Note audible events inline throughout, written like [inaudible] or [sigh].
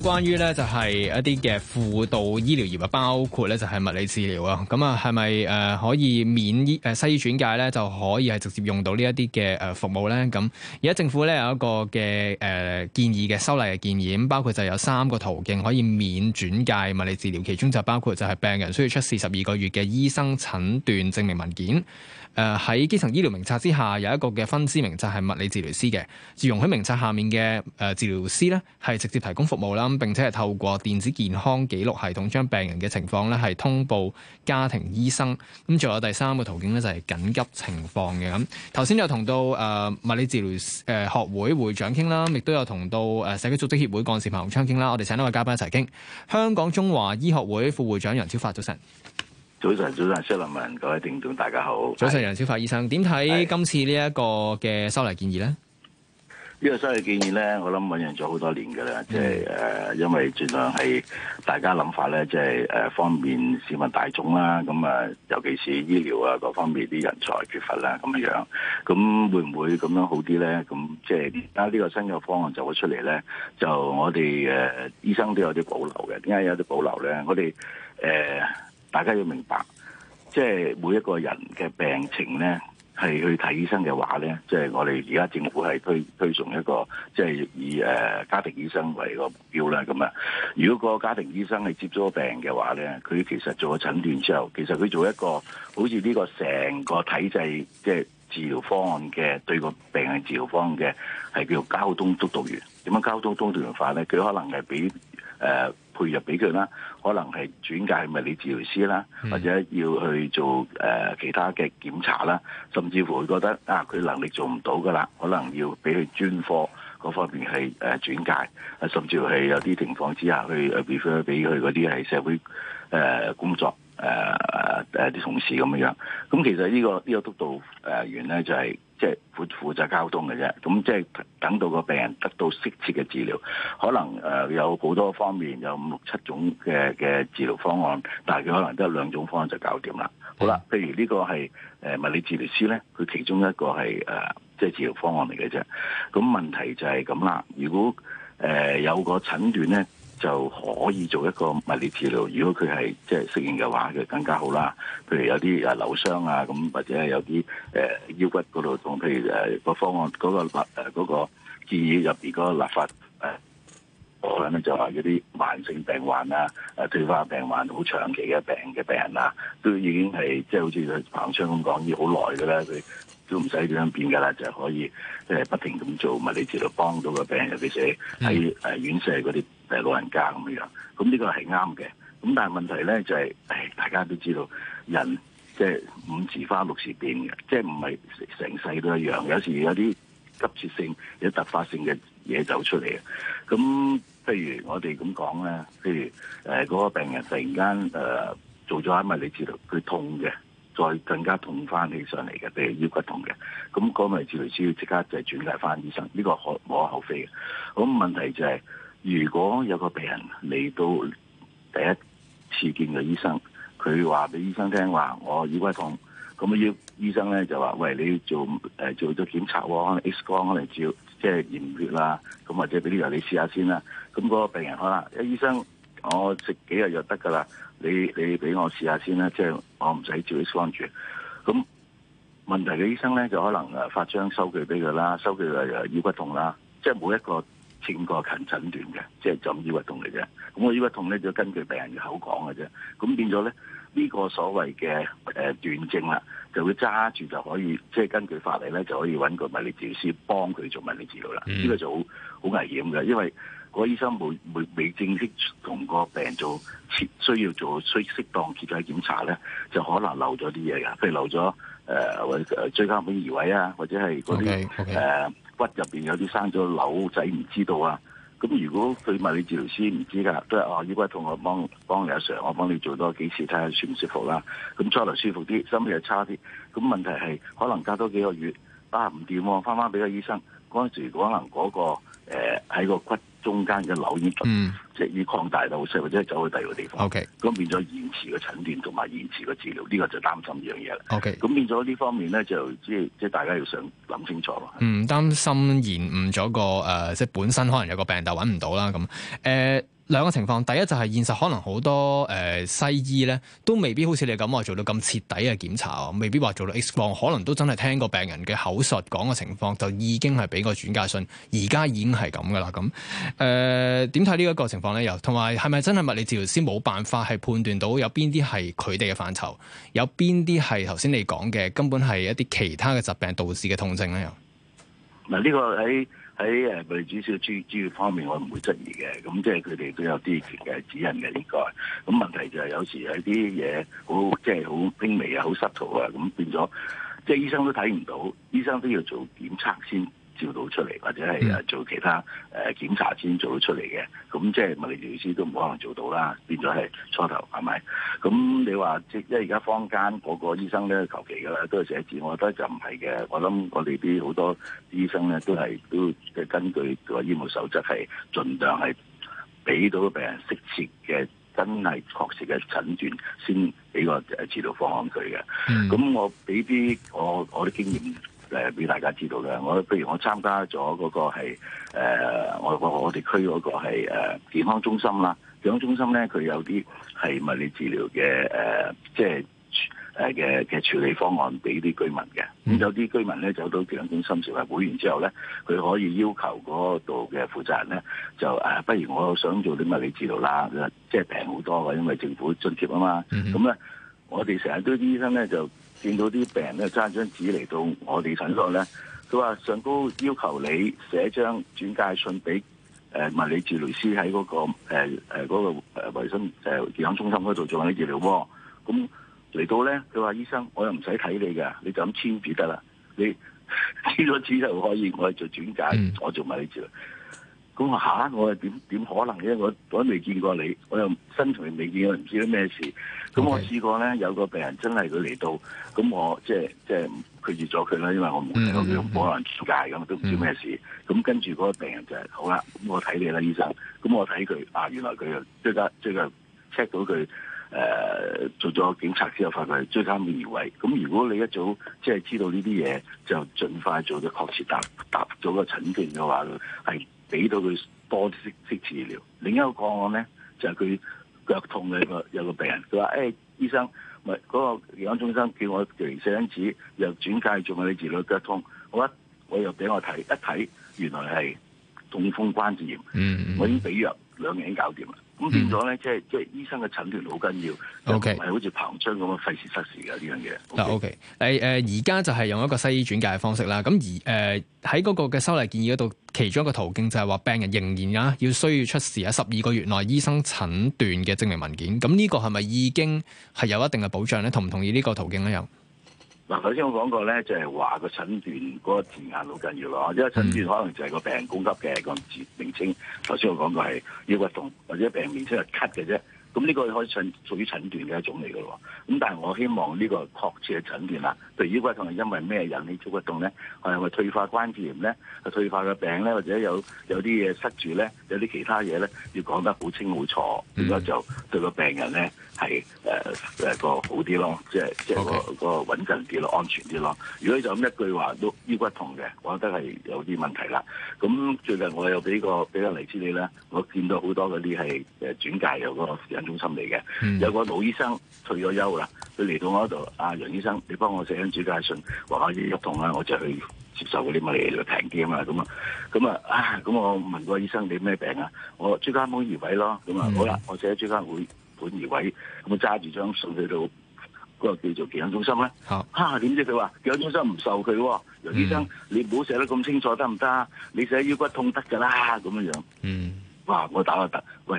關於咧就係一啲嘅輔導醫療業務，包括咧就係物理治療啊。咁啊係咪誒可以免醫誒西醫轉介咧，就可以係直接用到呢一啲嘅誒服務咧？咁而家政府咧有一個嘅誒建議嘅修例嘅建議，咁包括就有三個途徑可以免轉介物理治療，其中就包括就係病人需要出示十二個月嘅醫生診斷證明文件。誒喺基層醫療名冊之下有一個嘅分支名冊係物理治療師嘅，自容喺名冊下面嘅誒治療師咧係直接提供服務啦。咁並且係透過電子健康記錄系統，將病人嘅情況咧係通報家庭醫生。咁仲有第三個途徑咧就係緊急情況嘅咁。頭先又同到誒物理治療誒學會會長傾啦,亦都有同到誒社區組織協會幹事彭鴻昌傾啦。我哋請兩位嘉賓一齊傾。香港中華醫學會副會長楊超發，早晨，早晨早晨，小林文，各位聽眾大家好。早晨，楊超發醫生，點睇今次呢一個嘅修例建議呢？這個、生呢個新嘅建議咧，我諗運用咗好多年㗎喇，即係誒，因為儘量係大家諗法咧，即係誒，方便市民大眾啦，咁啊，尤其是醫療啊各方面啲人才缺乏啦，咁樣，咁會唔會咁樣好啲咧？咁即係而家呢個新嘅方案就會出嚟咧，就我哋誒、呃、醫生都有啲保留嘅。點解有啲保留咧？我哋誒、呃、大家要明白，即、就、係、是、每一個人嘅病情咧。係去睇醫生嘅話咧，即係我哋而家政府係推推崇一個，即係以誒家庭醫生為個目標啦。咁啊，如果個家庭醫生係接咗病嘅話咧，佢其實做咗診斷之後，其實佢做一個好似呢個成個體制即係治療方案嘅對個病人治療方案嘅係叫做交通督導員。點樣交通督導員法咧？佢可能係畀誒。呃配入俾佢啦，可能係轉介係物理治療師啦，或者要去做誒、呃、其他嘅檢查啦，甚至乎佢覺得啊，佢能力做唔到噶啦，可能要俾佢專科嗰方面去誒、呃、轉介，甚至乎係有啲情況之下去 refer 俾佢嗰啲係社會誒、呃、工作誒誒啲同事咁樣。咁其實呢、呢個呢、呢個督導誒員咧就係、係。即係負負責交通嘅啫，咁即係等到個病人得到適切嘅治療，可能誒有好多方面，有五六七種嘅嘅治療方案，但係佢可能都有兩種方案就搞掂啦。好啦，譬如呢個係誒物理治療師咧，佢其中一個係誒即係治療方案嚟嘅啫。咁問題就係咁啦，如果誒有個診斷咧，就可以做一個物理治療。如果佢係即係適應嘅話，佢更加好啦。譬如有啲誒扭傷啊，咁或者係有啲誒、呃、腰骨嗰度痛。譬如誒、呃嗰個方案嗰、嗰個立誒嗰個建議入邊嗰個立法誒可能咧就話嗰啲慢性病患啊、誒退化病患、好長期嘅、啊、病嘅病人啊，都已經係即係好似彭昌咁講，要好耐嘅啦，佢都唔使點樣變噶啦，就可以誒、呃、不停咁做物理治療，幫到個病人尤其係喺誒院舍嗰啲。誒老人家咁樣，咁呢個係啱嘅。咁但係問題咧就係、是，誒大家都知道人即係、就是、五時花六時變嘅，即係唔係成世都一樣。有時有啲急切性、有突發性嘅嘢走出嚟嘅。咁譬如我哋咁講咧，譬如誒嗰、那個病人突然間誒、呃、做咗一密，你知道佢痛嘅，再更加痛翻起上嚟嘅，譬如腰骨痛嘅，咁嗰密治療師要即刻就係轉介翻醫生，呢、這個可無可厚非嘅。咁問題就係、是。如果有個病人嚟到第一次見嘅醫生，佢話俾醫生聽話，我耳骨痛，咁要醫生咧就話，喂，你做誒做咗檢查，可能 X 光，可能照即係驗血啦。咁或者俾啲藥你試下先啦。咁、那、嗰個病人啦，醫生，我食幾日藥得噶啦，你你俾我試下先啦，即、就、係、是、我唔使照 X 光住。咁問題嘅醫生咧就可能誒發張收據俾佢啦，收據就耳骨痛啦，即、就、係、是、每一個。經過勤診斷嘅，即係中醫骨痛嚟嘅。咁我呢骨痛咧就根據病人嘅口講嘅啫。咁變咗咧呢個所謂嘅誒斷症啦，就會揸住就可以，即係根據法例咧就可以揾個物理治療師幫佢做物理治療啦。呢、嗯、個就好好危險嘅，因為個醫生冇冇未正式同個病人做切，需要做需適當徹底檢查咧，就可能漏咗啲嘢嘅，譬如漏咗誒或者椎間盤移位啊，或者係嗰啲誒。Okay, okay. 呃骨入邊有啲生咗瘤仔，唔知道啊！咁如果佢物理治療師唔知㗎，都係哦腰骨痛，我幫幫你阿 Sir，我幫你做多幾次睇下舒唔舒服啦。咁再嚟舒服啲，心又差啲。咁問題係可能隔多幾個月，啊唔掂，翻翻俾個醫生嗰陣時，可能嗰個喺個骨中間嘅瘤已經。嗯。即係要擴大路線或者係走去第二個地方。OK，咁變咗延遲個診斷同埋延遲個治療，呢、呢個就擔心呢樣嘢啦。OK，咁變咗呢方面咧，就即係即係大家要想諗清楚。唔擔心延誤咗個誒、呃，即係本身可能有個病，但係搵唔到啦咁誒。兩個情況，第一就係現實可能好多誒、呃、西醫咧，都未必好似你咁啊，做到咁徹底嘅檢查未必話做到 X 光，可能都真係聽過病人嘅口述講嘅情況，就已經係俾個轉介信，而家已經係咁噶啦。咁誒點睇呢一個情況咧？又同埋係咪真係物理治療師冇辦法係判斷到有邊啲係佢哋嘅範疇，有邊啲係頭先你講嘅根本係一啲其他嘅疾病導致嘅痛症咧？又、這、嗱、個，呢個喺。喺誒，最主要、主主要方面我不，我唔會質疑嘅。咁即係佢哋都有啲嘅指引嘅，應該。咁問題就係有時候有啲嘢好，即係好輕微啊，好濕塗啊，咁變咗，即係醫生都睇唔到，醫生都要做檢測先。照到出嚟，或者係做其他誒、呃、檢查先做到出嚟嘅，咁即係物理治療師都唔可能做到啦，變咗係初頭係咪？咁你話即係而家坊間嗰個醫生咧，求其嘅啦，都係寫字，我覺得就唔係嘅。我諗我哋啲好多醫生咧，都係都根據個醫務守則，係盡量係俾到病人適切嘅真係確切嘅診斷，先俾個治療方案佢嘅。咁我俾啲我我啲經驗。誒、呃、俾大家知道嘅，我譬如我參加咗嗰個係、呃、我我我哋區嗰個係、呃、健康中心啦。健康中心咧，佢有啲係物理治療嘅誒、呃，即係誒嘅嘅處理方案俾啲居民嘅。咁、mm-hmm. 有啲居民咧走到健康中心成為會員之後咧，佢可以要求嗰度嘅負責人咧就誒、啊，不如我想做啲物理治療啦，即係平好多嘅，因為政府津貼啊嘛。咁、mm-hmm. 咧、嗯，我哋成日都啲醫生咧就。見到啲病人咧，揸張紙嚟到我哋診所咧，佢話上高要求你寫張轉介信俾誒物理治療師喺嗰個、嗰個誒誒嗰個、呃嗰個、衞生誒、呃、健康中心嗰度做緊啲治療。咁嚟到咧，佢話醫生，我又唔使睇你嘅，你就咁簽字得啦。你簽咗紙就可以，我哋做轉介，我做物理治療。 [laughs] 咁我下、啊、我又點點可能咧？我我都未見過你，我又身材未見過，我唔知啲咩事。咁我試過咧，okay. 有個病人真係佢嚟到，咁我即係即係拒絕咗佢啦，因為我冇，佢、mm-hmm. 我冇可能鑑戒，咁都唔知咩、mm-hmm. 事。咁跟住嗰個病人就係、是、好啦，咁我睇你啦，醫生。咁我睇佢，啊，原來佢又即刻追 check 到佢、呃、做咗檢查之後發現佢係椎間盤移位。咁如果你一早即係知道呢啲嘢，就盡快做咗確切答答咗個診斷嘅話，係。俾到佢多啲息治療。另一個個案咧，就係、是、佢腳痛嘅一個病人，佢話：誒、欸，醫生，嗰、那個養生中心叫我嚟寫張紙，又轉介做你治療腳痛。我一我又俾我睇一睇，原來係痛風關節炎。我已經俾藥兩日已經搞掂啦。咁、嗯、變咗咧，即係即係醫生嘅診斷好緊要，又唔係好似膨脹咁樣費時失事嘅呢樣嘢。嗱，OK，誒、okay. 誒，而、呃、家就係用一個西醫轉介嘅方式啦。咁而誒喺嗰個嘅修例建議嗰度，其中一個途徑就係話病人仍然啊要需要出示喺十二個月內醫生診斷嘅證明文件。咁呢個係咪已經係有一定嘅保障咧？同唔同意呢個途徑咧？又？嗱，頭先我講過咧，就係話個診斷嗰個字眼好緊要囉。因為診斷可能就係個病人供給嘅一個名稱。頭先我講過係腰骨痛或者病名稱係咳嘅啫，咁、這、呢個可以診屬於診斷嘅一種嚟嘅喎。咁但係我希望呢個確切嘅診斷啦，對腰骨痛係因為咩引起腰骨痛咧？係咪退化關節炎咧？係退化嘅病咧？或者有有啲嘢塞住咧？有啲其他嘢咧？要講得好清好楚，咁樣就對個病人咧。係誒誒個好啲咯，即係即係個個穩陣啲咯，安全啲咯。如果就咁一句話都腰骨痛嘅，我覺得係有啲問題啦。咁最近我又俾個俾個例子你啦，我見到好多嗰啲係誒轉介有個私人中心嚟嘅，mm. 有個老醫生退咗休啦，佢嚟到我度，阿、啊、楊醫生，你幫我寫張轉介信，話我腰痛啊，我就去接受嗰啲乜嘢平啲啊嘛，咁啊咁啊啊咁我問個醫生你咩病啊？我椎間冇移位咯，咁啊、mm. 好啦，我寫喺專家會。本而位咁我揸住張信去到嗰個叫做健康中心咧，嚇、啊、點知佢話健康中心唔受佢，楊醫生你唔好寫得咁清楚得唔得？你寫腰骨痛得㗎啦咁樣樣，嗯，哇我打就得，喂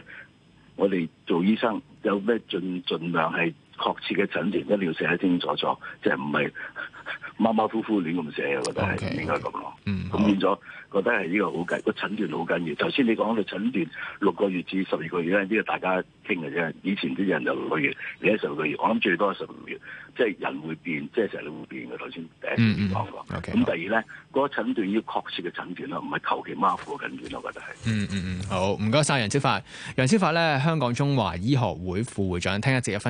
我哋做醫生有咩盡盡量係。確切嘅診斷一定要寫得清楚咗，即係唔係馬馬虎虎亂咁寫嘅。我覺得係、okay, okay. 應該咁講，咁變咗，覺得係呢個好緊，個診斷好緊要。頭先你講嘅診斷六個月至十二個月咧，呢個大家傾嘅啫。以前啲人就六個月，而家十二個月，我諗最多係十五月，即係人會變，即係成日會變嘅。頭先第一點講過，咁、嗯嗯 okay, 第二咧，個診斷要確切嘅診斷咯，唔係求其馬虎嘅診斷，我覺得係。嗯嗯嗯，好，唔該晒楊超發。楊超發咧，香港中華醫學會副會長，聽日值一分鐘。